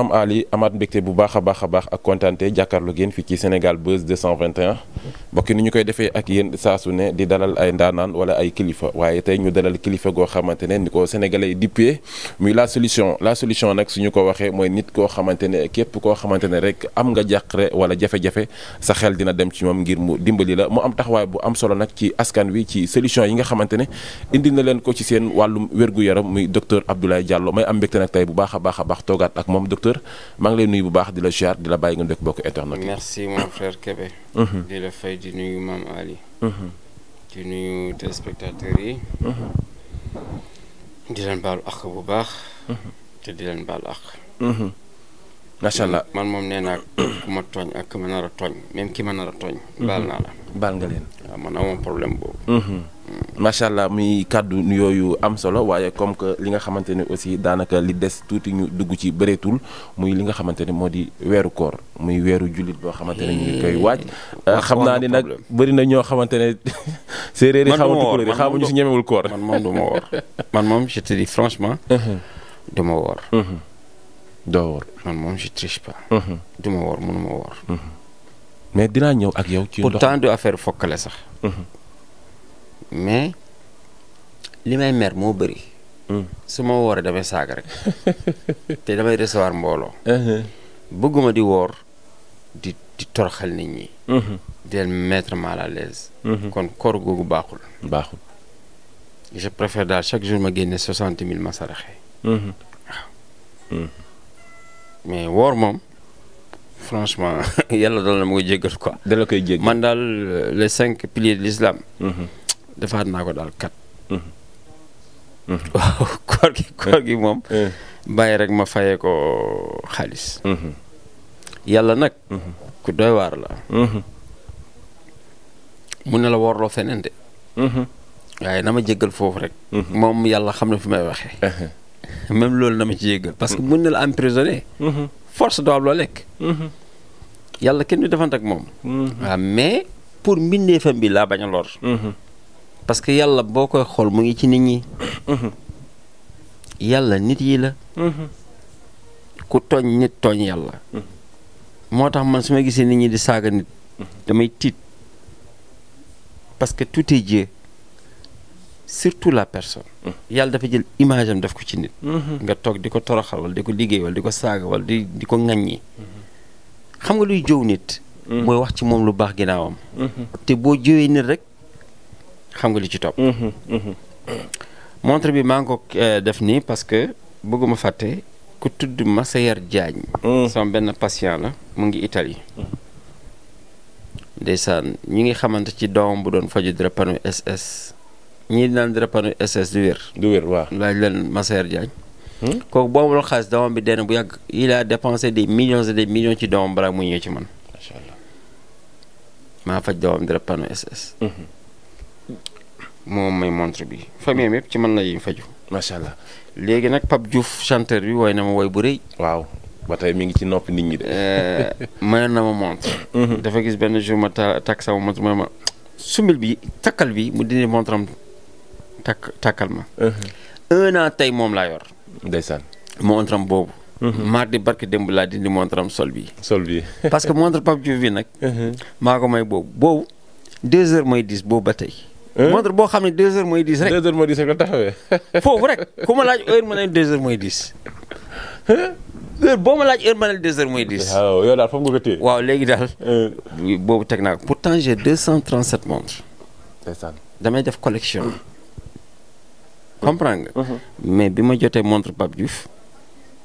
am Ali amaat mbégte bu baax a baax a baax ak kontaante jàkkaarloo ngeen fii ci Sénégal Buzz 221 mbokk ni ñu koy defee ak yéen saasu ne di dalal ay ndaanaan wala ay kilifa waaye tey ñu dalal kilifa goo xamante ne ni ko sénégalais yi dippee muy la solution la solution nag suñu ko waxee mooy nit koo xamante ne képp koo xamante ne rek am nga jàqare wala jafe-jafe sa xel dina dem ci moom ngir mu dimbali la mu am taxawaay bu am solo nag ci askan wi ci solution yi nga xamante ne indil na leen ko ci seen wàllum wérgu yaram muy docteur Abdoulaye Diallo may am mbégte nag tey bu baax a baax a baax toogaat docteur maa ngi lay nuyu bu baax di la ziar di la bàyyi nga ndekk bokk internet yi. merci mon frère Kébé. Mhm. di la fay di nuyu maam Ali. Mhm. di nuyu téléspectateurs bu baax. Mhm. di leen baalu àq. macha man moom nee naa ku ma tooñ ak ku ma nar a tooñ même ki ma nar tooñ. baal naa la baal nga leen. waaw man amoon problème boobu. macha allah muy kàddu yooyu am solo waaye comme que li nga xamante ne aussi daanaka li des tuuti ñu dugg ci bëreetul muy li nga xamante ne moo di weeru koor muy weeru jullit boo xamante ne ñu ngi koy waaj. Euh, xam naa ni nag bëri na ñoo xamante ne. séeréer yi xamatu ko rek xamuñu si ñemewul koor man moom du ma woor man moom je te dis franchement. Uh-huh. du ma woor. Uh-huh. pas. Uh-huh. du woor mënu ma woor. mais dinaa ñëw ak yow. ci ndox affaire fokkale sax. mais li may mer moo bëri. Hmm. su ma wooree damay saaga rek te damay recevoir mbooloo. Uh-huh. bëgguma di woor di di toroxal nit ñi. Uh-huh. di leen mettre mal à l'aise. Uh-huh. kon koor googu baaxul. baaxul je préfère daal chaque jour ma génne soixante mille ma saraxe. mais woor moom. franchement yàlla doon na ma koy jéggal koy jéggal man daal euh, le cinq piliers de l'islam. defaat naa ko daal kat. Mhm. Mhm. waaw koor gi koor gi moom. Eh. Eh. bàyyi rek ma fayee ko xaalis. Mhm. yàlla nag. ku doy waar la. mun ne la warloo feneen de. waaye na ma jéggal foofu rek. moom yàlla xam na fi may waxee. Eh, même loolu na ma ci jéggal parce que mun na la emprisonné. force doo am loo lekk. yàlla kenn du defante moom. waaw mais pour mbindeefam bi laa bañ a lor. parce que yàlla boo koy xool mu ngi ci nit ñi. yàlla nit yi la. ku tooñ nit tooñ yàlla. moo tax man su ma gisee nit ñi di saaga nit. damay tiit parce que tout est surtout la personne. yàlla dafa jël image am def ko ci nit. nga toog di ko toroxal wala di ko liggéey wala di ko saaga wala di di ko ŋaññi. xam nga luy jëw nit. Mm-hmm. mooy wax ci moom lu baax ginnaawam. Mm-hmm. te boo jëwee nit rek. xam nga li ci topp. Mm-hmm, mm-hmm. montre bi maa ngi ko eh, def nii parce que bëgguma fàtte ku tudd Massayer Diagne. Mm. sama benn patient la mu ngi Italie. ndeysaan ñi ngi xamante ci doom bu doon faju drépano SS ñii naan drépano SS du wér. du laaj leen Massayer Diagne. Hmm? kooku boo amul xaalis doomam bi deen bu yàgg il a dépensé des millions et des millions ci doomam balaa mu ñëw ci man. macha maa faj doomam drépano SS. Mm-hmm. moom may montre bi famille am yëpp ci mën lay faju macha allah léegi nag Pape Diouf chanteur bi woy na ma woy bu rëy. waaw ba tey mi ngi ci noppi nit ñi de. Eh, mayoon na ma montre. Mhm. dafa gis benn jour ma ta takk sama ma ma sumbil bi takkal bi mu dindi montre takk takkal ma. Mhm. un an tey moom laa yor. ndeysaan montre am boobu. Mhm. mardi barke démb laa dindi montre am sol bi. sol bi parce que montre Pape Diouf bi nag. maa ko may boobu boobu deux heures mooy dix boobu ba tey. montre boo xam ne deux heures mooy dix rek. deux heures mooy dix rek la taxawee. foofu rek ku ma laaj heure ma ne deux boo ma laaj heure ma ne deux heures mooy dix. waaw yow daal foofu nga ko léegi daal. boobu teg naa ko pourtant j'ai deux cent trente sept montres. ndeysaan damay def collection. comprendre nga. Mhm. mais bi ma jotee montre Pape Diouf.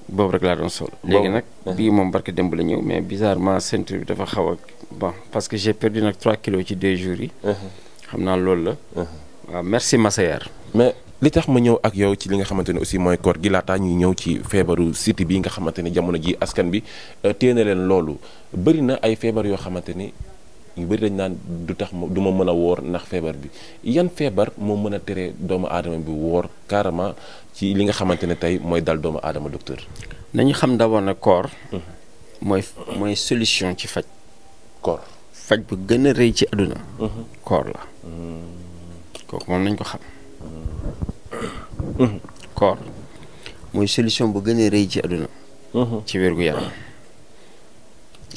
boobu rek laa doon sol. léegi nag mhm. bii moom barke démb la ñëw mais bizarrement ceinture bi dafa xaw a bon parce que j'ai perdu nag 3 kilos ci deux jours yi. Mhm. xam naa loolu la. waaw merci Massaer. mais li tax ma ñëw ak yow ci li nga xamante ne aussi mooy koor gi laataa ñuy ñëw ci feebaru siti bi nga xamante ne jamono ji askan bi euh, téye na leen loolu bëri na ay feebar yoo xamante ni ñu bëri dañ naan du tax ma du ma mën a woor ndax feebar bi yan feebar moo mën a tere doomu aadama bi woor carrément ci li nga xamante ne tey mooy dal doomu aadama docteur. nañu xam d'abord ne koor. mooy mooy solution ci faj. koor. faj bu gën a rëy ci àdduna mhm. koor la mhm. kooku moom nañ ko xam mhm. koor mooy solution bu gën a rëy ci adduna ci wér gu yaram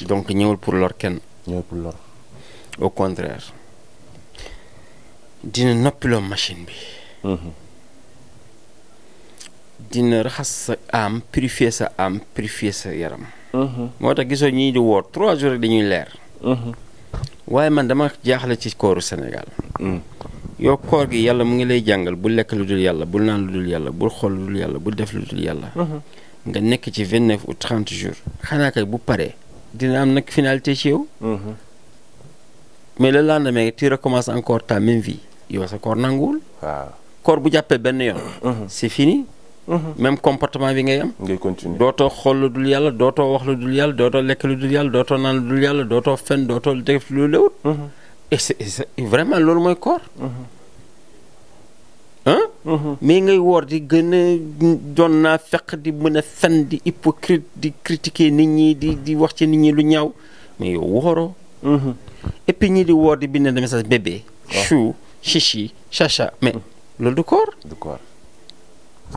donc ñëwul pour lor kenn ñëwul dina noppiloo machine bi dina raxas sa am purifier sa am purifier sa yaram moo tax gisoo ñii di woor trois jours rek dañuy leer waaye man dama jaaxle ci kooru Sénégal. Mm. yow koor gi yàlla mu ngi lay jàngal bu lekk lu dul yàlla bul naan lu dul yàlla bu xool lu dul yàlla bul def lu mm-hmm. nga nekk ci vingt neuf ou trente jours. xanaa kay bu paree dina am nag finalité ci yow. Mm-hmm. mais le lendemain tu recommences encore ta même vie yow sa koor nanguwul. koor bu jàppee benn yoon. Mm-hmm. c'est fini. même comportement bi ngay am. ngay continuer dootoo xool lu dul yàlla dootoo wax lu dul yàlla dootoo lekk lu dul yàlla dootoo naan lu dul yàlla dootoo fen dootoo def lu lewut. Mhm. et c'est vraiment loolu mooy koor. Mhm. Mhm. mais ngay woor di gën a doon naa fekk di mën fen di hypocrite di critiquer nit ñi di di wax ci nit ñi lu ñaw mais yow wooroo. et ñii di woor di bind message bébé. chou chichi chacha mais loolu du koor.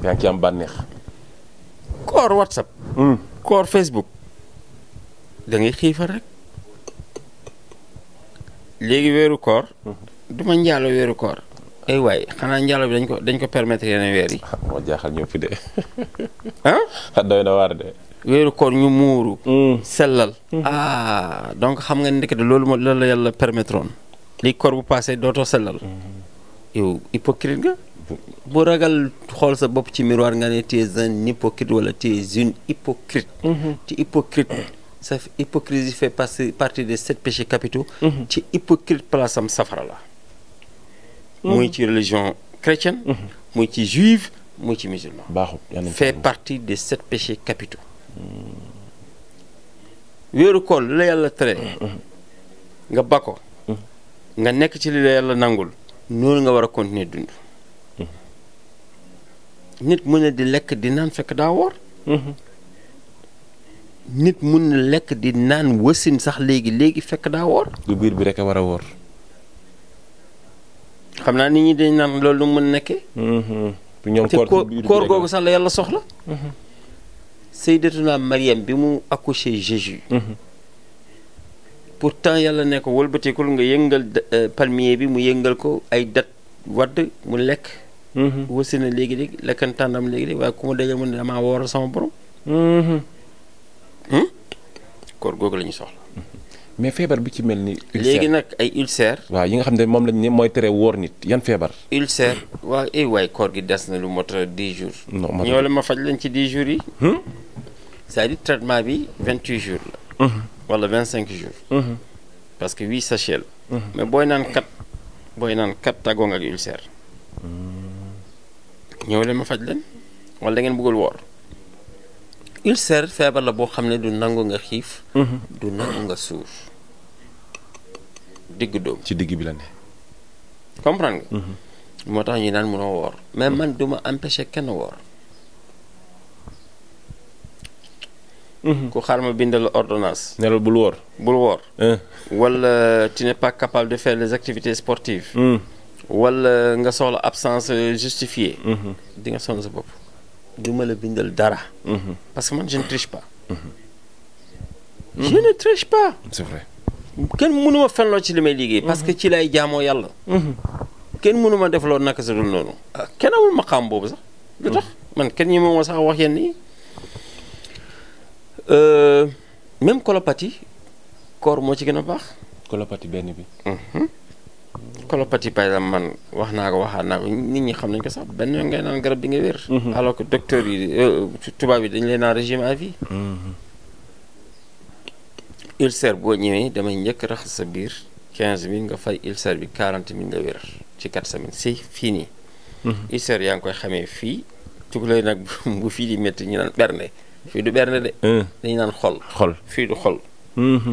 yaa ngi ci am bànneex. koor whatsapp. Hmm. koor facebook. da ngay rek. léegi weeru koor. Hmm. du ma njaalo weeru koor. ay waay xanaa njaalo bi dañ ko dañ ko permettre yeneen weer yi. Ah, moo jaaxal ñoo fi de. ah. waar de. weeru koor ñu muuru. Hmm. sellal. Ah, donc xam nga ndekete loolu moo loolu la yàlla permettre woon. koor bu paasee dootoo sellal. yow hypocrite nga. bu ragal xool sa bopp ci miroir nga ne t'es un hypocrite wala t'es une hypocrite ci mm-hmm. hypocrite sa hypocrisie fait partie partie des sept péchés capitaux ci mm-hmm. hypocrite place am safara la mm-hmm. muy ci religion chrétienne muy ci juive muy ci musulman fait partie des sept péchés capitaux wéeru koor li la yàlla tere nga bako nga nekk ci li la yàlla nangul noonu nga war a continuer dund nit mu ne di lekk di naan fekk daa woor. Mhm. nit mun na lekk di naan wasin sax léegi léegi fekk daa woor. du biir bi rek a war a woor. xam naa nit ñi dañ naan loolu lu mën nekkee. Mhm. ñoom te koor googu sax la yàlla soxla. Mhm. Sayyidatuna Mariam bi mu accouché Jésus. pourtant yàlla ne ko wëlbatikul nga yëngal euh, palmier bi mu yëngal ko ay dat wadd mu lekk. Mm-hmm. wërsëg na léegi léegi lekkan tàndam léegi léegi waaye ku ma dajal mu ne damaa wooral sama borom. Mm-hmm. Hmm? koor googu la ñu soxla. Mm-hmm. mais feebar bi ci mel ni. léegi nag ay ulcère. waaw yi nga xam ne moom lañ ni mooy tere wóor nit yan feebar. ulcère waa eh waay koor gi des na lu mot a jours. non ñoo la ma faj lañ ci dix jours yi. Hmm? c'est-à-dire traitement bi 28 jours la. wala 25 jours. parce que 8 sachets la. mais booy naan kat booy naan kat tàggoo nga ak ñëw leen ma faj leen wala dangeen ngeen bëggul woor ulcère feebar la boo xam ne du nangu nga xiif mhm. du nangu nga suuf digg doom ci digg bi la ne comprendre nga mhm. moo tax ñu naan mënoo woor mais mhm. man duma empêcher kenn woor ku xaar ma bindal ordonnance ne la bul woor bul woor wala tu n'es pas capable de faire les activités sportives wala nga soxla absence justifiée. Mhm. di nga sonn sa bopp. du ma la bindal dara. Mhm. parce que man je ne triche pas. Mhm. je triche pas. kenn mënu ma fenloo ci li may liggéey. parce que ci lay jaamoo yàlla. kenn mënu ma defloo naka sa dul noonu. Ah, kenn amul kenn ñi sax wax yenn yi euh, même colopathie corps moo ci gën a baax. colopathie benn bi. colopathie par exemple man wax naa ko waxaat naa ko nit ñi xam nañ ko sax benn yoon ngay naan garab di nga wér. Mhm. alors que docteur yi euh, tubaab yi dañ leen naan régime à vie. Mhm. boo ñëwee damay njëkk raxas sa biir quinze mille nga fay ulcère bi quarante mille nga wér ci quatre semaines si fii nii. Mhm. ulcère yaa ngi koy xamee fii tukulay nag bu fii di métti ñu naan berne fii du berne de. Euh. dañu naan xol. xol fii du xol.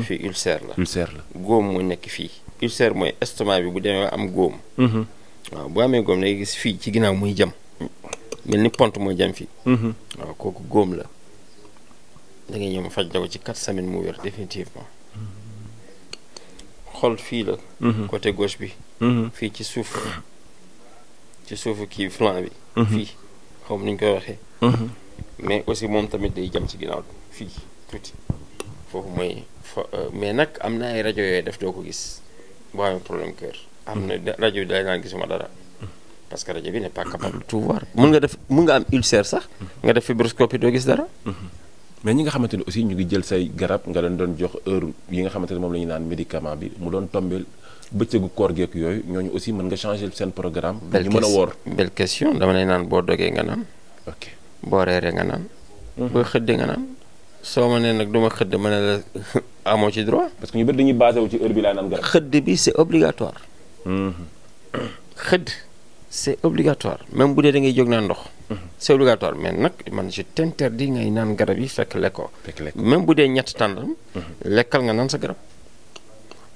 fii ulcère la. ulcère la góom moo nekk fii. ulcère mooy estomac bi bu demee am góom. Mhm. waaw bu amee góom day gis fii ci ginnaaw muy jam mel ni pont mooy jam fii. Mhm. waaw kooku góom la da ngay ñëw faj la ko ci quatre semaines mu wér définitivement. xol fii la. Mhm. côté gauche bi. fii ci suuf ci suufu kii flanc bi. fii xaw ma ni ñu koy waxee. mais aussi moom tamit day jam ci ginnaaw fii tuuti foofu mooy euh, mais nag am na ay rajo def doo ko gis. boo amee problème kër. am na hmm. rajo bi day naan gisuma dara. Hmm. parce que rajo bi n'est pas capable de hmm. tout voir. mun nga def mun nga am ulcère sax. nga def fibroscopie doo gis dara. mais ñi nga xamante ne aussi ñu ngi jël say garab nga leen doon jox heure yi nga xamante ne moom la ñu naan médicament bi mu doon tombé bëccëgu koor geek yooyu ñooñu aussi mën nga changer seen programme. ñu mën a woor belle question dama lay naan boo dogee nga naan. ok boo reeree nga naan. boo xëddee nga naan. soo ma nee nag du ma xëdd ma ne la amoo ci droit. parce que ñu bëri dañuy basé wu ci heure bi laa naan garab. xëdd bi c' obligatoire. Hmm. xëdd c' est obligatoire même bu dee da ngay jóg naan ndox. Hmm. c' est obligatoire mais nag man je t' interdis ngay naan garab yi fekk lekkoo. même bu dee ñett tàndam. Hmm. lekkal nga naan sa garab.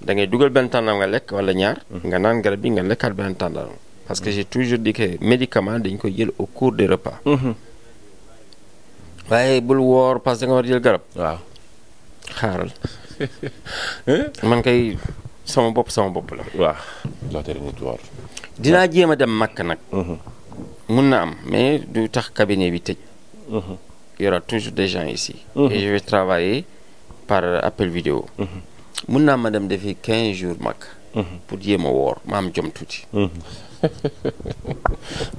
da ngay dugal benn tàndam nga lekk wala ñaar. nga naan garab yi nga lekkaat benn tàndam. parce que j'ai toujours di que médicament dañ koy jël au cours des repas. waaye bul woor parce que da nga war jël garab. waaw xaaral man kay sama bopp sama bopp la. waaw loo tere nit dinaa jéem a dem Makka nag. Mhm. mun na am mais du tax cabinet bi tëj. Mhm. il y toujours des gens ici. Mhm. et je vais par appel vidéo. mun ma dem defi 15 jours Makka. pour jéem a woor ma jom tuuti.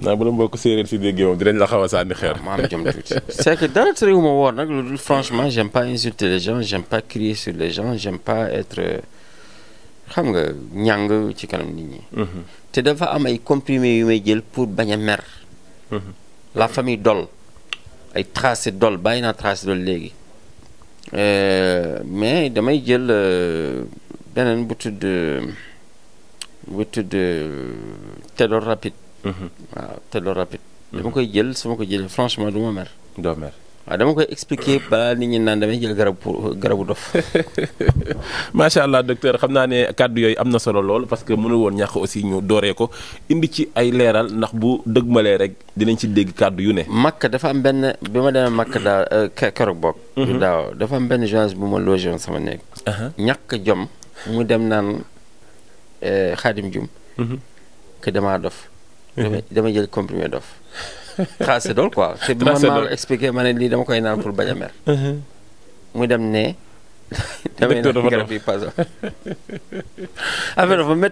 naa bu la mbokk séeréer si déggee moom dinañ la xaw a sànni xeer. ma jom tuuti c'est que dara tere wu ma woor nag lu dul franchement j'aime pas insulter les gens j'aime pas crier sur le gens j'aime pas être xam nga ñàng ci kanam nit ñi. Mhm. te dafa am ay comprimés yu may jël pour bañ a mer. Mhm. la famille dol ay tracé dol bàyyi naa tracé dol léegi euh, mais damay jël. Euh, beneen bu tudd bu tudd Tedor rapide. Mhm. waaw Tedor rapide. Mhm. dama koy jël su ma ko jëlee franchement du ma mer. doo mer waaw dama koy expliquer balaa nit ñi naan damay jël garabu garabu dof. macha allah docteur xam naa ne kàddu yooyu am na solo lool parce que mënul woon ñàkk aussi ñu dooree ko indi ci ay leeral ndax bu dëgmalee rek dinañ ci dégg kàddu yu ne. makk dafa am benn bi ma demee makk daal euh, keroog boog. Mhm. daaw dafa am benn journaliste bu ma logé sama néeg. ñàkk jom. mu dem naan xaadim eh, jum mhm. que damaa dof dama mhm. jël comprimé dof tracé dool quoi te bi expliqué ma ne lii dama koy naan pour bañ mhm. mu dem ne docteur dafa garab yi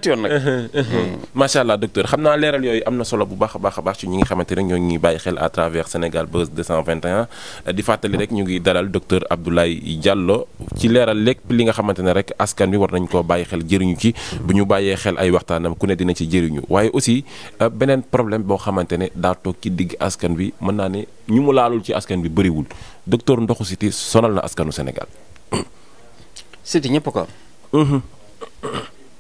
yoon nag. Mm-hmm. macha allah naa leeral yooyu am na solo bu baax baax baax ci ñi nga xamante ne ñoo ngi bàyyi xel à travers Sénégal Buzz di fàttali rek ñu ngi dalal docteur Abdoulaye Diallo ci leeral lépp li nga xamante ne rek askan wi war nañ koo bàyyi xel jëriñu ci. bu ñu bàyyee xel ay waxtaanam ku ne dina ci jëriñu waaye aussi euh, beneen problème boo xamante ne daa toog ci digg askan bi mën naa ne ñu mu laalul ci askan bi bëriwul docteur ndoxu siti sonal na askanu senegal siti ñëpp ko mhm.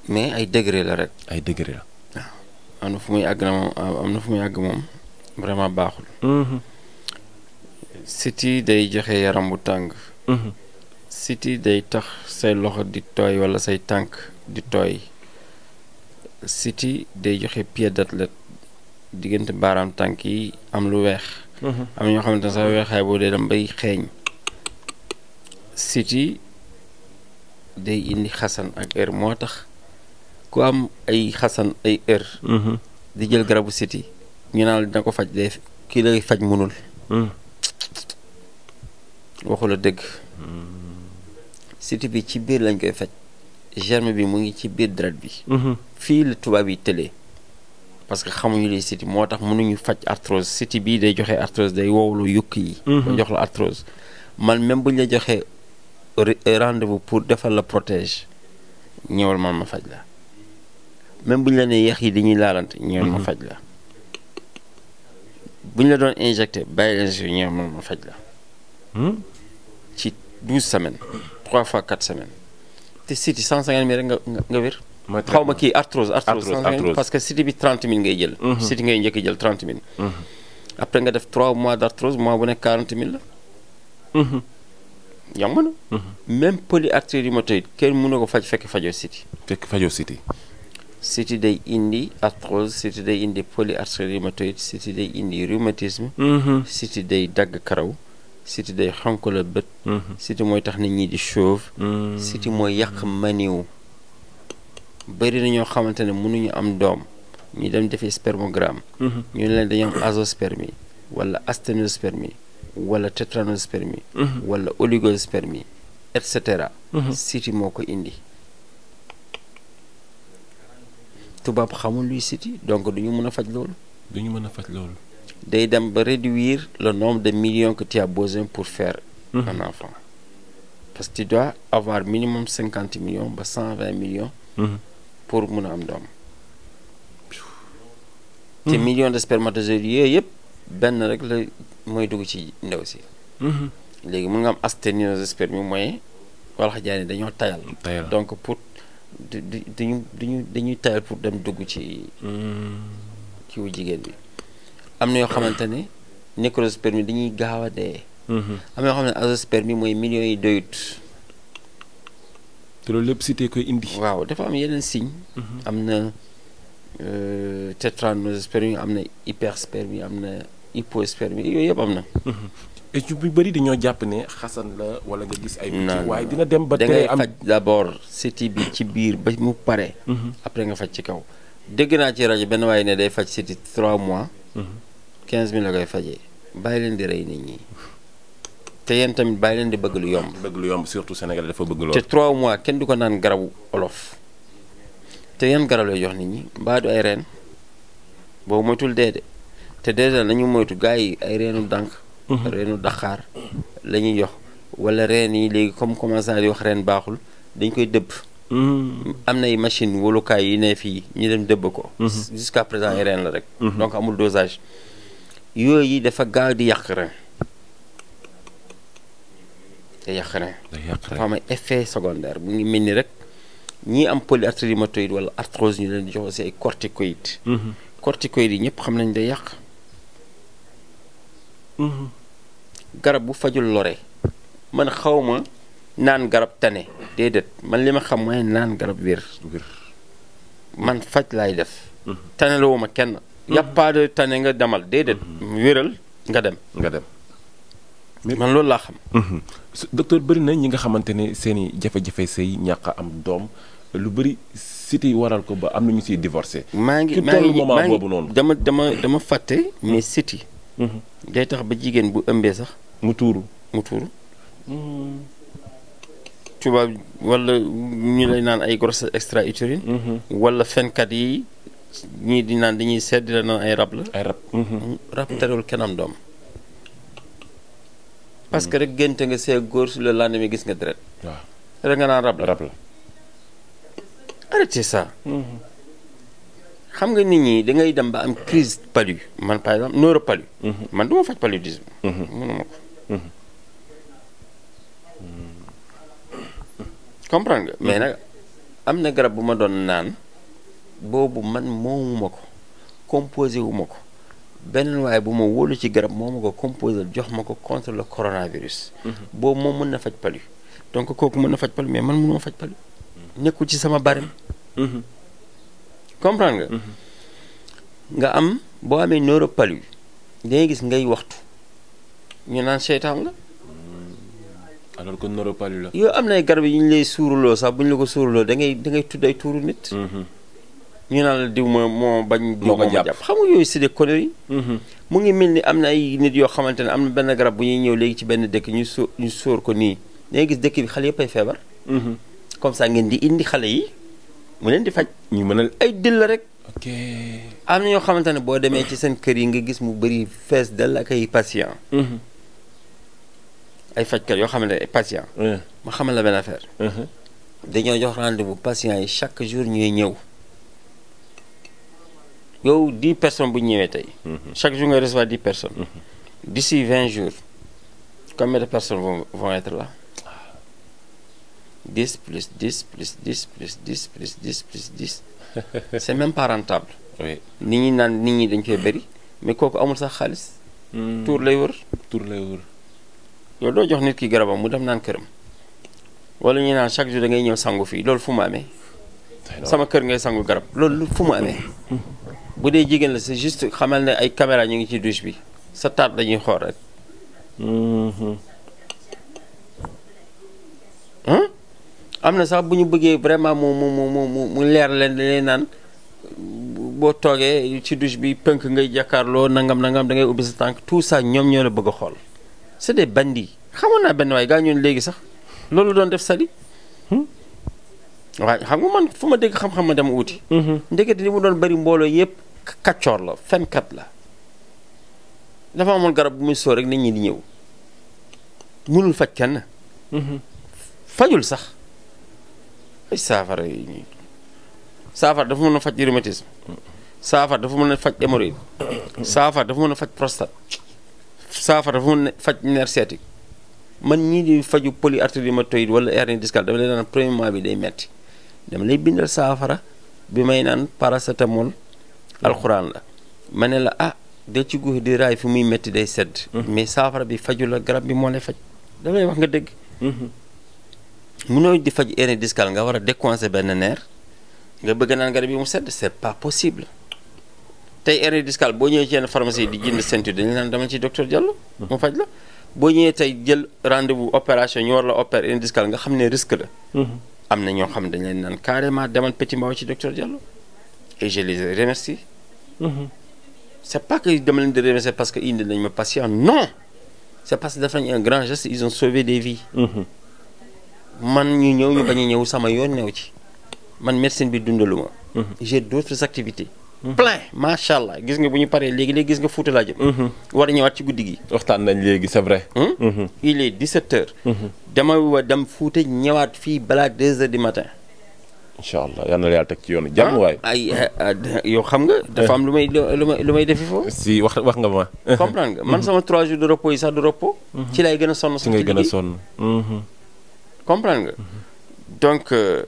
mais ay degré la rek. ay degré la. waaw am na fu muy àgg na moom fu muy àgg moom vraiment baaxul. siti mhm. day joxe yaram bu tàng. siti mhm. day tax say loxo di tooy wala say tànk di tooy. siti day joxe pied d'athlète diggante baaraam tànk yi am lu weex. am ñoo xam ne sax weexaay boo dee dem bay xeeñ. siti day indi xasan ak heure moo tax ku am ay xasan ay er heure mhm. di jël garabu siti ñu naan dina ko faj day kii lay faj mënul mhm. waxu dëgg mhm. siti bi ci biir lañ koy faj germe bi mu ngi ci biir deret bi fii la tubaab yi tëlee parce que xamuñu liy siti moo tax mënuñu faj arthrose siti bii day joxe arthrose day wowlu yukk yi ba jox la arthrose man même la joxee Eh, rendez-vous pour defal la protège ñëwal man ma faj la même bu ñu la nee yax yi dañuy laalante ñëwal ma mhm. faj la bu ñu la doon injecté bàyyi injection ñëwal man ma faj la hmm? ci douze semaines trois fois quatre semaines te siti cent cinquante mille rek nga nga wér xaw ma kii arthrose arthrose parce que siti bi trente mille ngay jël siti mhm. ngay njëkk jël trente mille mhm. après nga def trois mois d' arthrose mois bu nekk quarante mille la yomb na. même polyarthrite rhumatoïde kenn mën na ko faj fekk fajoo siti. fekk fajoo siti. siti day indi arthrose siti day indi polyarthrite rhumatoïde siti day indi rhumatisme. Mhm. siti day dagg karaw. siti day xonk la bët. Mhm. siti mooy tax nit ñi di chauve. Mhm. siti mooy yàq maniw. bëri na ñoo xamante ne mënuñu am doom. ñu dem defee spermogramme. ñu ne leen dañoo am azoospermie wala asténospermie wala tétanospermie mhm. wala oligospermie et cetera mhm. siti moo ko indi tubaab xamul luy siti donc duñu mën a faj loolu mën a faj loolu day dem ba réduire le nombre de millions que tu as pour faire mhm. parce que tu dois avoir minimum cinquante millions ba cent pour mun a am doom te millions de spermatozoïdes yooyu yëpp benn rek la mooy dugg ci ndaw si. Mhm. léegi mu ngi am asthénospermie mooy walax jaani dañoo tayal. tayal donc pour du du duñu duñu dañuy tayal pour dem dugg ci. ci mhm. wu jigéen bi. am na yoo xamante ne nécrospermie dañuy gaaw a dee. Mhm. am na yoo xam ne azoospermie mooy millions yi doyut. te loolu lépp cité koy indi. waaw dafa am yeneen signe. am na euh, tétranospermie am na hyperspermie am na. hypospermie yooyu yëpp am na. étude bu bëri dañoo jàpp ne xasan la wala nga gis ay. non waaye dina dem ba. tere am da ngay faj d' abord siti bi ci biir ba mu pare. Mhm. après nga faj ci kaw. dégg naa ci rajo benn waaye ne day faj siti 3 mois. Mhm. quinze 15000 la koy fajee bàyyi leen di rey nit ñi. te yéen tamit bàyyi leen di bëgg lu yomb. bëgg lu surtout Sénégal dafa bëgg lool. te 3 mois kenn du ko naan garabu olof. te yan garab lay jox nit ñi mbaa du ay reen boobu moytul dee de. te dèjà nañu moytu gars yi ay reenu dànk. Mhm. reenu daqaar la ñuy jox wala reen yi léegi comme commencé di wax reen baaxul dañ koy dëbb. Mhm. am nay machine wolukaay yi ne fii ñu dem dëbb ko. Mhm. jusqu'à présent ay reen la rek. donc amul dosage yooyu dafa gaaw di yàq ren. te yàq ren. dafa am ay effet secondaire bu ngi mel ni rek ñii am polyarthrite rhumatoïde wala arthrose ñu leen di jox aussi ay corticoïdes. corticoïdes yi ñëpp xam nañ day yàq. garab bu fajul lore man xaw ma naan garab tane déedéet man li ma xam mooy naan garab wér wér man faj lay def mm-hmm. tane la kenn mm-hmm. yàppaade tane nga demal déedéet mm-hmm. wéral nga dem nga dem man loolu laa xam docteur bëri na ñi nga xamante ne seen i jafe-jafe sëy ñàkk am doom lu bëri siti waral ko ba am na ñu siy divorcé maa ngi maa ngi maa ngi boobu noonu dama dama dama fàtte mais siti mm. day tax ba jigéen bu ëmbee sax. mu tuuru mu tuuru. tubaab wala ñu lay naan ay grossesse extra utérine. Mhm. wala fenkat yi ñii di naan dañuy sedd la naan ay rab la. ay rab. Mhm. Mhm. terewul kenn doom. parce que rek génte nga see góor su le mi gis nga deret. waaw rek nga naan rab la rab la. arrêtez ça. xam nga nit ñi da ngay dem ba am crise palu man par exemple neuro palu mhm. man du ma faj paludisme mhm. mënuma ko mhm. mais nag am na garab bu ma doon naan boobu man moomuma ko composé wu ko beneen waaye bu ma wóolu ci garab moo ko composé jox ma ko contre le coronavirus boobu moom mën na faj palu donc kooku mën na faj palu mais man mënuma faj palu nekkul ci sama barem comprendre mhm. nga. am boo amee neuropalu dangay gis ngay waxtu ñu naan seytaan la. Mm. alors que neuropalu la. am na ay garab yu ñu lay suuruloo sax bu ñu la ko suuruloo da ngay da tudd ay tuuru nit. Mhm. ñu naan la diw moo bañ. diw ma jàpp xam nga yooyu c'est des conneries mhm. mu ngi mel ni am na ay nit yoo xamante ne am na benn garab bu ñuy ñëw léegi ci benn dëkk ñu soo ñu sóor ko nii dangay gis dëkk bi xale yëpp ay feebar. comme ça ngeen di indi xale yi. mu leen di faj ñu mën a ay dil la rek. ok am na ñoo xamante ne boo demee ci seen kër yi nga gis mu bëri fees dal ak ay patient mhm. ay fajkat yoo xam ne ay patient ma xamal la benn affaire. Mhm. dañoo jox rendez bu patient yi chaque jour ñuy ñëw. yow dix personnes bu ñëwee tey. Mhm. chaque jour nga recevoir dix personnes. d'ici vingt jours combien de personnes vont vont être 10 plus 10 plus 10 plus 10 plus 10 plus 10 c'est même pas rentable. oui nit ñi naan nit ñi dañ koy bëri mais kooku amul sax xaalis. Hmm. tuur lay wër. tuur lay wër. yow doo jox nit ki garabam mu dem naan këram. walla ñu naan chaque jour da ngay ñëw sangu fii loolu fu mu amee. sama kër ngay sangu garab loolu fu mu amee. bu dee jigéen la c'est juste xamal ne ay caméra ñu ngi ci douche bi sa taat dañuy xool rek. Hmm, hmm. am na sax bu ñu bëggee vraiment mu mu mu mu mu leer leen dañuy naan boo toogee ci douche bi pënk ngay jàkkaarloo nangam nangam da ngay ubbi sa tànk tout ça ñoom ñoo la bëgg a xool c'est des bandits xamoon naa benn waay gaa ñoon léegi sax loolu doon def sali hmm? waaye xam nga man fu ma dégg xam-xam ma dem uuti. Mm-hmm. ndeket li mu doon bari mbooloo yépp kaccoor la fenkat la dafa amoon garab bu muy soo rek nit ñi di ñëw mënul faj kenn. Mm-hmm. fajul sax. ay saafara yi saafara dafa mën na faj rhumatisme saafara dafa mën a faj hémorroïde saafara dafa mën a faj prostate saafara dafa mun na faj nerf sciatique man ñii di faju polyarthrite rhumatoïde wala hernie discale dama lay naan premier mois bi day metti dama lay bindal saafara bi may naan paracétamol alxuraan la ma ne la ah de ci guux di raay fi muy metti day sedd mm-hmm. mais saafara bi faju la garab bi moo lay faj dama wax nga dëgg mm-hmm. mu mënoo di faj hernie discale nga war a décoincer benn nerf nga bëgg naan garab yi mu sedd c'est pas possible tey hernie discale boo ñëwee ci yenn pharmacie di jënd ceinture dañu naan dama ci docteur Diallo. mu faj tey jël rendez-vous opération ñu war la opérer hernie nga xam ne risque la. Mm-hmm. am na ñoo xam ne dañ leen naan carrément demal petit mbaaw ci docteur Diallo et je les remercie. Mm-hmm. c'est pas que dama leen di remercier parce que indi nañ ma patient non c'est parce que def nañ un grand geste ils ont sauvé des vies. Mm-hmm. man ñu ñëw ñu bañ a ñëw sama yoon new ci man médecine bi dundalu ma. Mhm. j'ai d'autres activités. Mhm. plein macha allah gis nga bu ñu paree léegi léegi gis nga Fuuta laa jëm. Mhm. war a ñëwaat ci guddi gi. waxtaan nañ léegi c'est vrai. Hmm? il est 17h. dama wa dem Fuuta ñëwaat fii balaa 2h du matin. incha allah yal na la yàlla teg ci yoonu jàmm ah, waay. ay eh, eh, yow xam nga. dafa am lu may lu may lu may defi foofu. si wax wax nga ma. comprendre nga man sama 3 jours de repos yi ci laay gën a sonn. ci ngay gën comprendre nga. donc euh,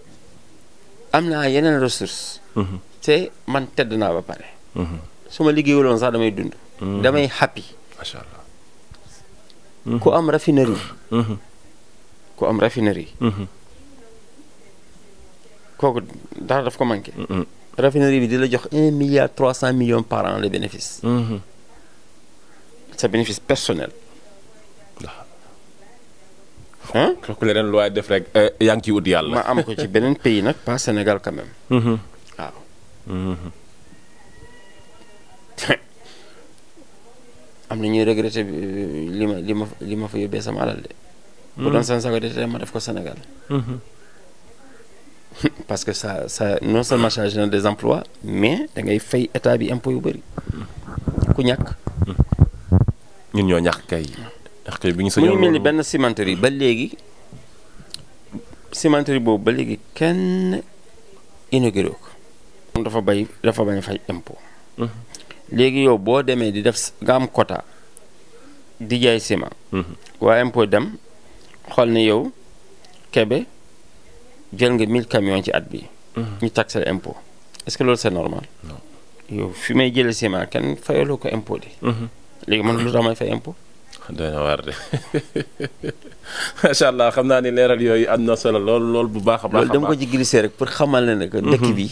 am naa yeneen ressource mhm. te man tedd naa ba pare. Mhm. su ma liggéeyuloon sax damay dund. Mhm. damay happy. macha allah. ku am raffinerie. ku am raffinerie. kooku dara daf ko manqué. raffinerie bi di la jox un milliard trois cent millions par an de bénéfice. sa bénéfice personnel. ko leneen lu waay def rek euh, yaa ngi ciy wut yàlla. ma am ko ci beneen pays nag pas Sénégal quand mm-hmm. Mm-hmm. am na ñuy regretté euh, li ma li ma ma fa yóbbee sama alal de. bu mm-hmm. doon seen de tey ma def ko Sénégal. parce que ça ça non seulement ça génère des emplois mais dangay ngay fay état bi impôt yu bëri ku ñàkk. ñun ñoo ñàkk kay. ndax kay bi ñu sañoon mu ni benn cimenterie ba léegi cimenterie boobu ba léegi kenn inauguré ko. moom dafa bay dafa bañ a fay impôt. Hmm. léegi yow boo demee di def nga am quota di jaay ciment. Hmm. waa impôt dem xool ne yow kebe jël nga 1000 camions ci at bi hmm. ñu taxé la impôt est que loolu c'est normal. yow fi may jëlee ciment kenn fayaloo ko impôt di. léegi man lu tax may fay impôt. doy na waar de macha allah xam naa ni leeral yooyu am na solo lool lool bu baax a baax. loolu dama ko ci glissé rek pour xamal ne ne que. dëkk mhm. bi.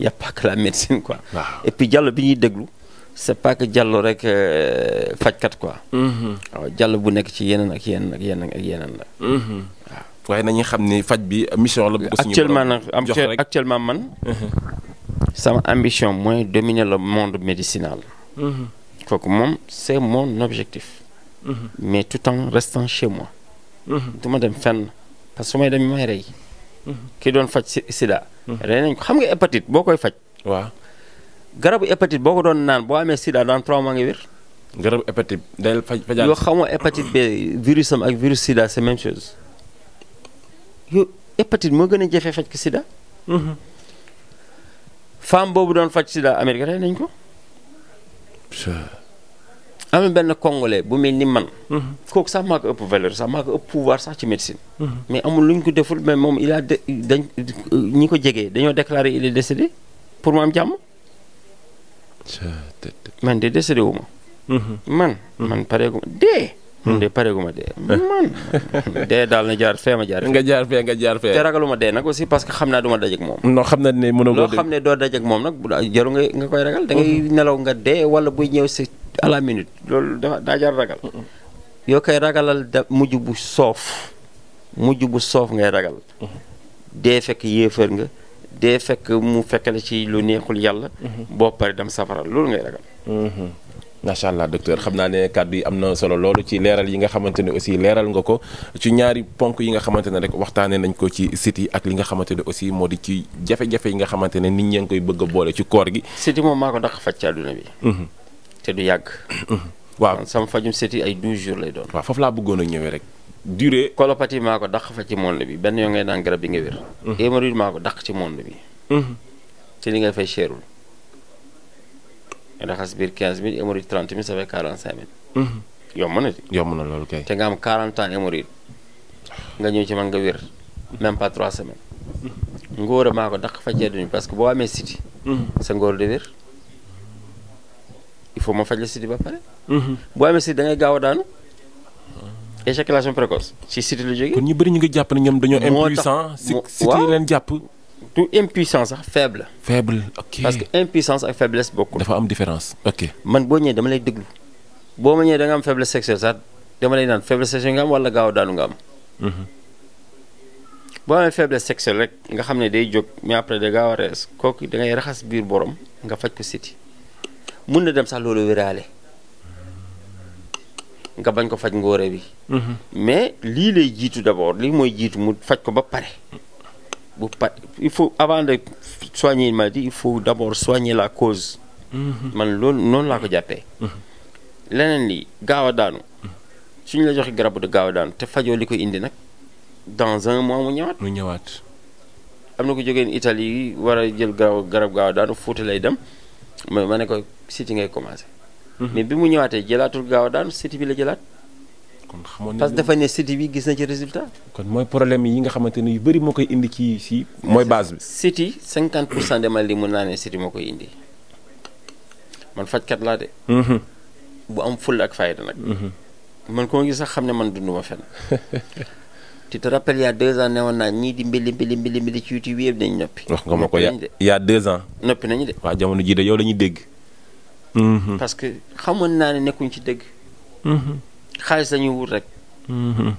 y a pas que la médecine quoi. waaw jàll bi ñuy déglu. c' est que jàllo rek euh, fajkat quoi. Mhm. waaw bu nekk ci yeneen ak yeneen ak yeneen ak yeneen la. Mhm. waaw waaye nañu xam ni faj bi mission la. bu ko suñu actuellement nag actuellement man. sama ambition mooy dominer le monde médicinal. kooku moom c'est mon objectif. Mm-hmm. mais tout en restant chez moi. Mm-hmm. du ma dem fenn parce que su may dem rey. Mm-hmm. ki doon faj si sida. rey nañ ko xam nga hépatite boo koy faj. waaw garabu hépatite boo ko doon naan boo amee sida dans trois mois nga wér. garabu hépatite day faj fajal. yoo xamoo hépatite B virus am ak virus sida c'est même chose. yow hépatite moo gën a jafe faj ko sida. femme boobu doon faj sida Amérique rey am na benn congolais bu mel ni man. Mhm. kooku sax maa ko ëpp valeur sax maa ko ëpp pouvoir sax ci médecine. Mhm. mais amul luñ ko deful mais moom il a de dañ ñi ko jegee dañoo déclaré il est décédé pour mu am jàmm. man de décédé wu ma. Mhm. man man pareegu dee. man hmm. de pareeguma dee man dee daal na jaar fee ma jaar nga jaar fee nga jaar fee te ragaluma dee nag aussi parce que xam naa du ma dajek moom non xam doo moom nag jaru nga nga koy ragal da hmm. nelaw nga dee wala buy ñëw si à la minute loolu dafa daa jaar ragal hmm. yoo koy ragalal da mujj bu soof mujj bu soof ngay ragal dee fekk yéefar nga dee fekk mu fekk la ci lu neexul yàlla boo pare dem safara loolu ngay ragal macha allah docteur xam naa ne kàddu yi am na solo loolu ci leeral yi nga xamante ne aussi leeral nga ko ci ñaari ponk yi nga xamante ne rek waxtaane nañ ko ci site yi ak li nga xamante ne aussi moo di ci jafe-jafe yi nga xamante ne nit ñee ngi koy bëgg a boole ci koor gi. site yi moom maa ko daq faj ci àdduna bi. Mhm. te du yàgg. Mhm. waaw sama fajum site yi ay 12 jours lay doon. waaw foofu laa bëggoon a ñëwee rek. durée colopathie maa ko daq fa ci monde bi benn yoo ngay naan garab mhm. ko daq ci monde bi. te li nga fay cherul. raxas biir 15000 hémorroïde 30000 ça fait 45000. Mhm. yomb na de. yomb na loolu te nga am 40 ans hémorroïde nga ñëw ci man nga wér. même pas 3 semaines. Mhm. ngóor maa ko daq fajee duñu parce que boo amee siti. Mhm. sa ngóor di wér. il faut ma faj la siti ba pare. boo amee siti da gaaw a daanu. éjaculation précoce. ci siti lu jógee. kon ñu bëri ñu ngi jàpp ne ñoom dañoo. impuissant siti leen jàpp. tout impuissance sax faible. faible ok parce que impuissance ak faiblesse bokkul. dafa am différence ok. man boo ñëwee dama lay déglu boo ma ñëwee danga am faiblesse sexuelle sax dama lay naan faiblesse sexuelle nga am wala gaaw daanu nga am. Mhm. boo amee faiblesse sexuelle rek nga xam ne day jóg mais après da gaaw a rees kooku da ngay raxas biir borom nga faj ko siti mun na dem sax loolu wéraale nga bañ ko faj ngóore bi. Mhm. mais lii lay jiitu d'abord lii mooy jiitu mu faj ko ba il faut avant de soigner une maladie il faut d'abord soigner la cause. Mhm. man loolu noonu laa ko jàppee. Mhm. leneen li gaaw a daanu. Mhm. suñu la joxe garabu de gaaw a daanu te fajoo li ko indi nag dans un mois mu ñëwaat. ñëwaat. am na ko jógee ni Italie war a jël garab garab gaaw a daanu Fuuta lay dem ma ma ne ko siti ngay commencé. mais bi mu ñëwaatee jëlaatul gaaw a daanu siti bi la jëlaat. kon xamoon nañu parce que dafa ne cité gis na ci résultat. kon mooy problème yi nga xamante ne yu bëri moo koy indi ci si mooy base bi. cité 50 pour cent demal li mun naa ne cité moo koy indi man fajkat laa de. Mhm. bu am fulla ak fayda nag. Mhm. man koo ngi sax xam ne man dund ma fenn. te rappelles il a deux ans newoon naa ñii di mbili mbili mbili mbili ci wax nga ma ko ya a deux ans. noppi nañu jamono jii de la ñuy dégg. Mhm. parce que xamoon naa ne nekkuñ ci dëgg. xaalis lañuy wut rek. Mm-hmm.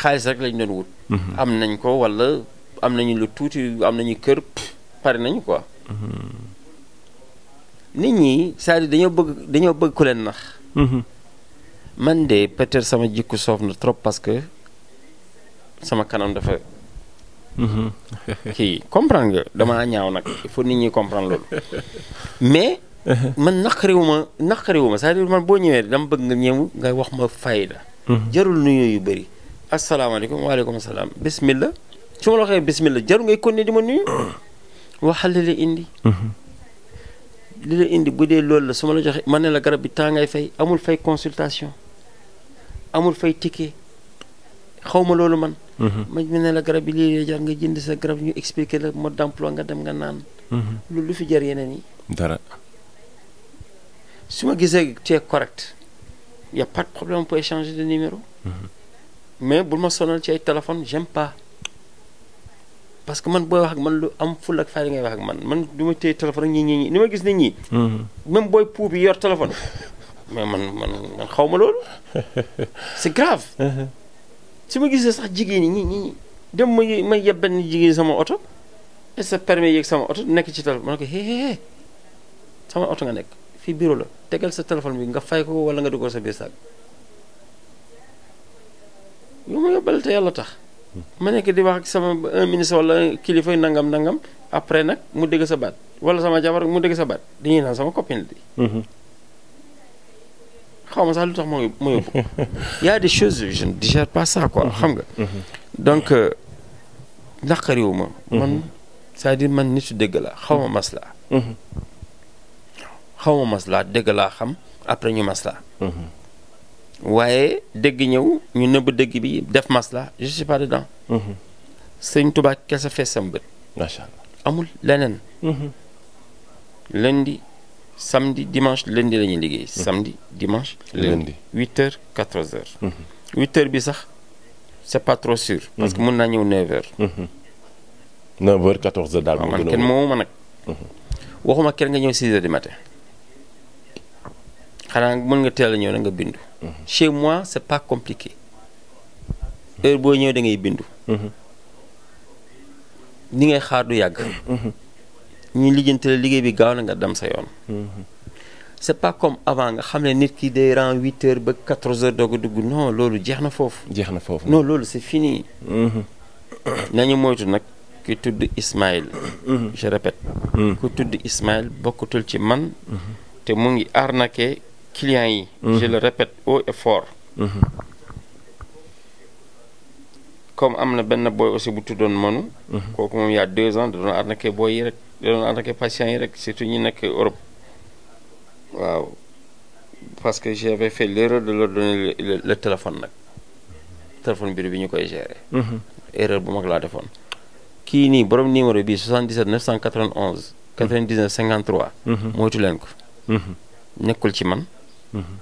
xaalis rek lañ doon wut. Mm-hmm. am nañ ko walla am nañu lu tuuti am nañu kër pare nañu quoi. Mm-hmm. nit ñi cest à dañoo bëgg dañoo bëgg ku leen nax. man de peut-être sama jikko soof na trop parce que sama kanam dafa. kii comprendre nga damaa ñaaw nag il faut nit ñi comprendre loolu man naqariwuma naqariwuma c'est-à-dire man boo ñëwee dama bëgg nga ñëw ngay wax ma la mhm. jarul nuyoo yu bëri asalaamaaleykum waaleykum salaam bismillah su ma la waxee bismillah jarul ngay continuer di ma nuyu waxal li la indi mhm. li la indi bu dee loolu la su ma la joxee man ne la garab bi temps ngay fay amul fay consultation amul fay ticket xaw ma loolu man mhm. ma ne garab bi lii lay jar nga jënd sa garab ñu expliquer la mode d'emploi nga dem nga naan lu fi jar yeneen su ma gisee tu es correct y' a pas de problème on peut de numéro. Mm-hmm. mais bul ma sonal ci ay téléphone j'aime pas parce que man booy wax ak man lu am ful ak fay ngay wax ak man man du ma téye téléphone ak ñi ñi ni ma gis nit ñi. Mm-hmm. même booy pou bi yor téléphone. mais man man ma loolu c'est grave. Mm-hmm. su ma gisee sax jigéen ñi ñi ñi dem ma ma yeb benn jigéen sama oto et ça yeeg sama oto nekk ci téléphone ma ne ko sama oto nga nekk. fii bureau la tegal sa téléphone bi nga fay ko wala nga dugal sa biir saag lu ma yóbbale te yàlla tax ma nekk di wax ak sama un ministre wala kilifa nangam nangam après nag mu dégg sa baat wala sama jabar mu dégg sa baat dañuy naan sama copine bi mm-hmm. xaw ma sax lu tax ma ma a des choses je ne digère pas mm-hmm. mm-hmm. euh, man c'est-à-dire man la xaw ma mas xaw ma maslaa dëgg laa xam après ñu maslaa. Mhm. waaye dëgg ñëw ñu nëbb dëgg bi def maslaa je suis pas dedans. Mhm. sëñ Tuubaa kese fees sama bët. amul leneen. Mhm. lundi samedi dimanche lundi la ñuy liggéey. samedi dimanche. lundi huit heures quatre heures. huit heures bi sax c' est pas trop sûr. parce que mun naa ñëw neuf heures. quatorze heures daal. moo man kenn moomu ma nag. waxuma kenn nga ñëw six heures du matin. xanaa mën nga teel a ñëw na nga bindu. chez moi c'est pas compliqué heure boo ñëw da ngay bindu. li ngay xaar du yàgg. ñu lijjantale liggéey bi gaaw na nga dem sa yoon. c'est pas comme avant nga xam ne nit ki day rang huit heures ba quatorze heures doog a dugg non loolu jeex na foofu. jeex na foofu non loolu c'est fini. Mhm. nañu moytu nag mhm. mhm. ku tudd Ismaël. je ku tudd Ismaël bokkutul ci man. te mu ngi arnaqué clients yi. Mhm. je le répète haut et mhm. comme am na benn booy aussi bu tuddoon mënu. Mhm. kooku moom yaa deux ans da doon arnaqué booy yi rek da doon arnaqué patients yi rek surtout ñi nekk Europe waaw parce que j'avais fait l'erreur de leur donner le, le, le téléphone nag téléphone biir bi ñu koy gérer. erreur bu mag laa defoon. kii nii borom numéro bii 77 991. 99 53. moytu leen ko. nekkul ci man. Mm-hmm.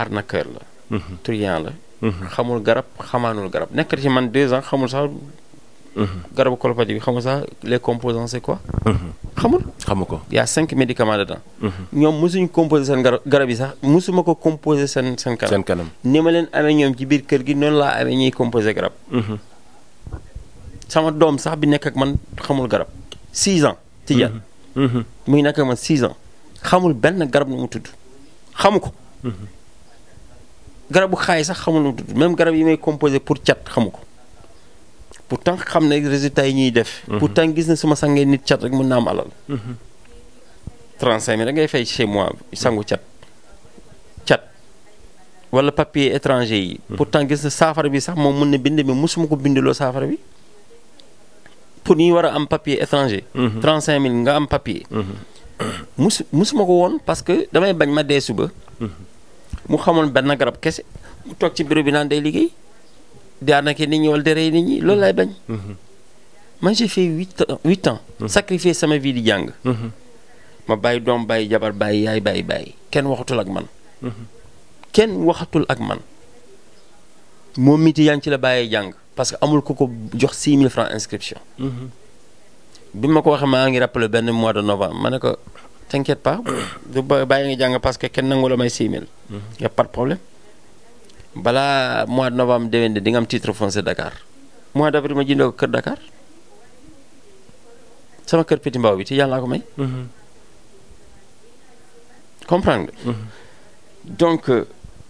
arnaqueur la. Mm-hmm. truand la. Mm-hmm. xamul garab xamaanul garab nekk ci man deux ans xamul sax. garabu colopathie bi xamul sax les composants c'est quoi. xamul. ko y a médicament da dedans. ñoom mosuñu composé seen garab yi sax mosuma ko composé seen seen kanam. seen kanam ni ma leen amee ñoom ci biir kër gi noonu laa amee ñuy composé garab. sama doom sax bi nekk man xamul garab six ans. Tijaan muy nekk ak man six ans xamul benn garab nu mu tudd. xamu ko. garabu xaay sax xamul nu tudd même garab yi may composé pour cat xamu ko pour pourtant xam ne résultat yi ñuy def. Mhm. pourtant gis na su ma sangee nit cat rek mën naa am alal. 35 mhm. da ngay fay chez moi sangu cat. cat wala papier étranger yi. Mhm. pourtant gis na saafara bi sax moom mën na bind mais mosuma ko bindloo saafara bi pour ñi war a am papier étranger. 35 mille nga am papier. mus musuma ko woon parce que damay bañ ma dee suba. Mhm. mu xamoon benn garab kese mu toog ci bureau bi naan day liggéey daanaka nit ñi wala dere nit ñi loolu laay bañ. Mhm. man j'ai fait huit ans mhm. sacrifier sama vie di jàng. ma bàyyi doom bàyyi jabar bàyyi yaay bàyyi bàyyi kenn waxatul ak man. kenn waxatul ak man moom miti yaa ci la bàyyee jàng parce que amul ku ko jox six mille francs inscription. bi ma ko waxee maa ngi rappelé benn mois de novembre ma ne ko t'inquiète pas du bàyyi nga jàng parce que kenn nangu la may six mille mhm. y a pas de problème balaa mois de novembre déwén di nga am titre foncier Dakar mois d'avril ma jëndee ko kër Dakar sama kër Petit bi ci yàlla ko may. Mhm. comprendre nga. Mhm. donc euh,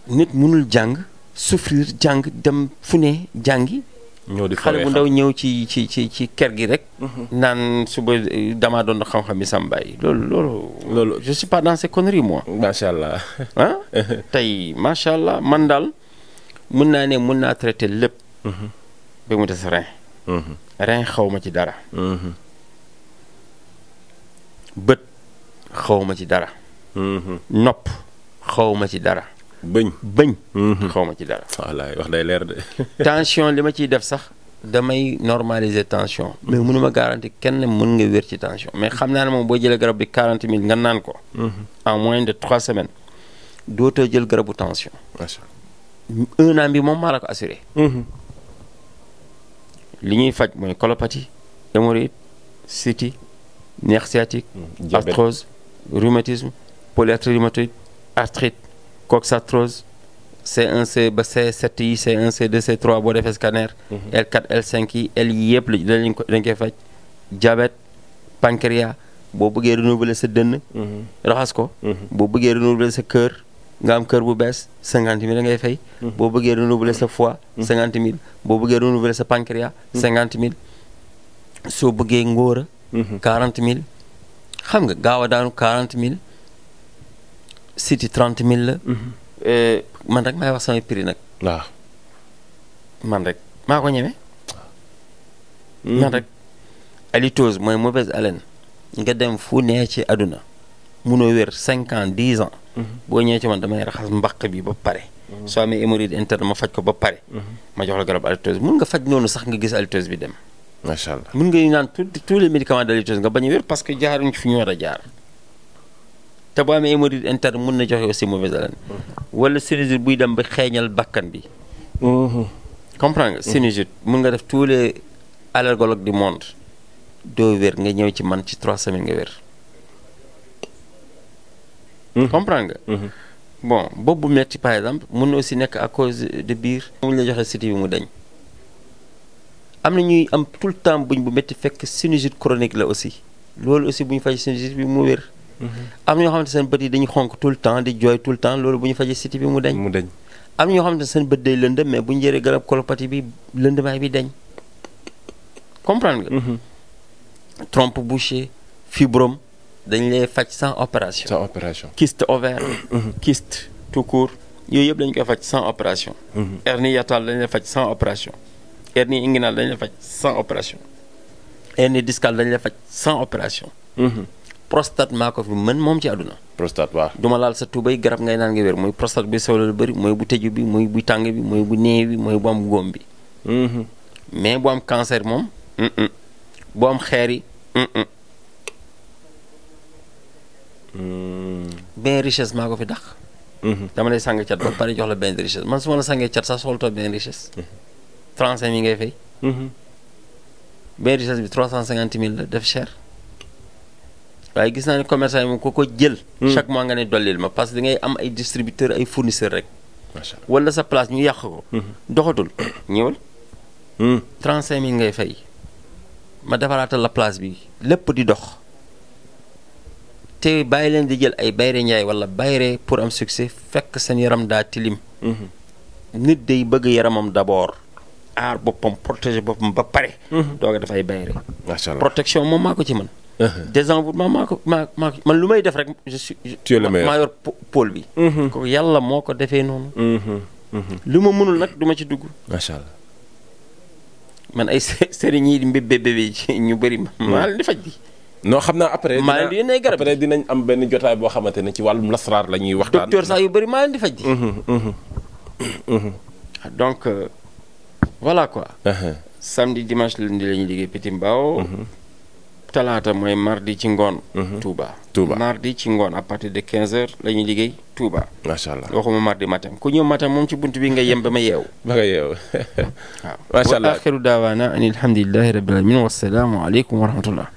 nit mënul jàng souffrir jàng dem fu ne jàngi. ñëw di xale bu ndaw ñëw ci ci ci ci kër gi rek. Mhm. naan suba eh, damaa doon xam-xam yi sama baay loolu loolu. loolu je suis pas dans ces moi. macha allah. ah tey macha allah man daal mun naa ne mun naa traité lépp. Mhm. ba mu des rein. Mhm. rein xaw ma ci dara. bët xaw ma ci dara. nopp xaw ma ci dara. bëñ bëñ. Mhm. xaw ma ci dara. wallaay wax day leer de. tension li ma ciy def sax damay normaliser tension. mais mhm. mënu ma garanti kenn mën nga wér ci tension mais xam naa ne moom boo jëlee garab bi quarante mille nga naan ko. Mhm. en moins de trois semaines dootoo jël garabu tension. macha allah un an bi moom maa la ko assuré. li ñuy faj mooy colopathie. hémorroïde cystite nerf arthrose rhumatisme polyarthrite coxatrose C1 ba C7 yi C1 C2 C3 boo defee scanner. L4 mhm. L5 L yi yëpp dañ ko dañ koy faj. diabète pancréas boo bëggee renouveler sa dënn. Mhm. raxas ko. Mhm. boo bëggee renouveler sa kër nga kër bu bees cinquante mille da ngay fay. boo bëggee renouveler sa foie. cinquante mille boo buggee bëggee renouveler sa pancréas. cinquante mille soo bëggee ngóora. quarante mille xam nga gaaw daanu quarante mille. siti trente mille la. Mhm. Eh, man rek maay wax samay prix nag. waaw. man rek maa ko ñeme. Mhm. man rek halitose mooy mauvaise haleine. nga dem fu nee ci àdduna munoo wér cinq dix ans. Mhm. boo ñëwee man damay raxas mbaq bi ba pare. soo amee hémorroïde interne ma faj ko ba pare. ma jox la garab halitose mun nga faj noonu sax nga gis halitose bi dem. macha allah mun nga naan tous les médicaments d'halitose nga bañ a wér parce que jaaruñ fi ñu war a jaar. te bu amee hémorroïde interne mun na joxe aussi mauvaise haleine. Mm-hmm. wala sinusite buy dem ba xeeñal bakkan bi. Mm-hmm. comprends nga mm-hmm. sinusite mun nga def tous les allergologues du monde doo wér nga ñëw ci man ci trois semaines nga wér. comprends nga. bon boobu metti par exemple mun na aussi nekk à cause de biir. mu la joxe siti bi mu dañ. am na ñuy am tout le temps buñ bu metti fekk sinusite chronique la aussi loolu aussi bu ñu faj sinusite bi mu wér. am ñoo xamante seen bët yi dañu xonk tout le temps di jooy tout le temps loolu bu ñu fajee siti bi mu deñ mu deñ am ñoo ne seen bët day lëndëm mais bu ñu jëree garab colopathie bi lëndëmaay bi deñ comprendre nga. Mhm. trompe bouchée fibrome dañ lay faj sans opération. sans opération kyste ovaire. Mhm. kyste tout yooyu yëpp dañ koy faj sans opération. Mhm. hernie hiatale dañ lay faj sans opération. hernie inguinale dañ lay faj sans opération. hernie discale dañ lay faj sans opération. prostate maa ko fi mën moom ci àdduna prostate waaw du ma laal sa tubay garab ngay naan nga wér mooy prostate bi solo lu bëri mooy bu tëju bi mooy bu tàng bi mooy bu néew bi mooy bu am bi mm-hmm. mais bu am cancer xeer yi mm. benn maa ko fi dax mm-hmm. dama lay sàng cat la benn richesse man su ma la sàngee cat sax soxlatoo benn mm-hmm. mille la def cher waaye gis naa ne commerçant yi moom ko ko jël. Hmm. chaque mois nga ne dollil ma parce que da ngay am ay distributeur ay fournisseur rek. wala sa place ñu yàq ko. Hmm. doxatul ñëwal. 35000 hmm. ngay fay ma defaraatal la place bi lépp di dox te bàyyi leen di jël ay bayre njaay wala bayre pour am succès fekk seen yaram daa tilim. nit day bëgg yaramam d'abord. aar boppam protéger boppam ba pare. doog a dafay bayre. protection moom maa ko ci mën. Uh-huh. désenvoûtement maa ko maa maa man lu may def rek je suis. tu es bi. Uh-huh. ko yàlla moo ko defee noonu. Uh-huh. lu ma mënul nag du ma ci dugg. macha allah. man ay sëriñ yi mbébé bébé ñu bëri hmm. maa leen di faj bi. non xam naa après. maa leen di garab après dinañ am benn jotaay boo xamante ne ci wàllum lasraar la ñuy waxtaan. docteur sax yu bari maa leen di faj. Ah, donc euh, voilà quoi. samedi dimanche lundi la ñuy liggéey Petit Mbao. talaata mooy mardi ci ngoon. Mhm. Touba. Touba mardi ci ngoon à partir de 15h la ñuy liggéey Touba. macha allah waxuma mardi matin ku ñëw matin moom ci bunt bi nga yem ba ma yeew. ba nga yeew waaw. macha wa axiru daawaana an alhamdulilahi rabbil alamin wasalaamu aleykum wa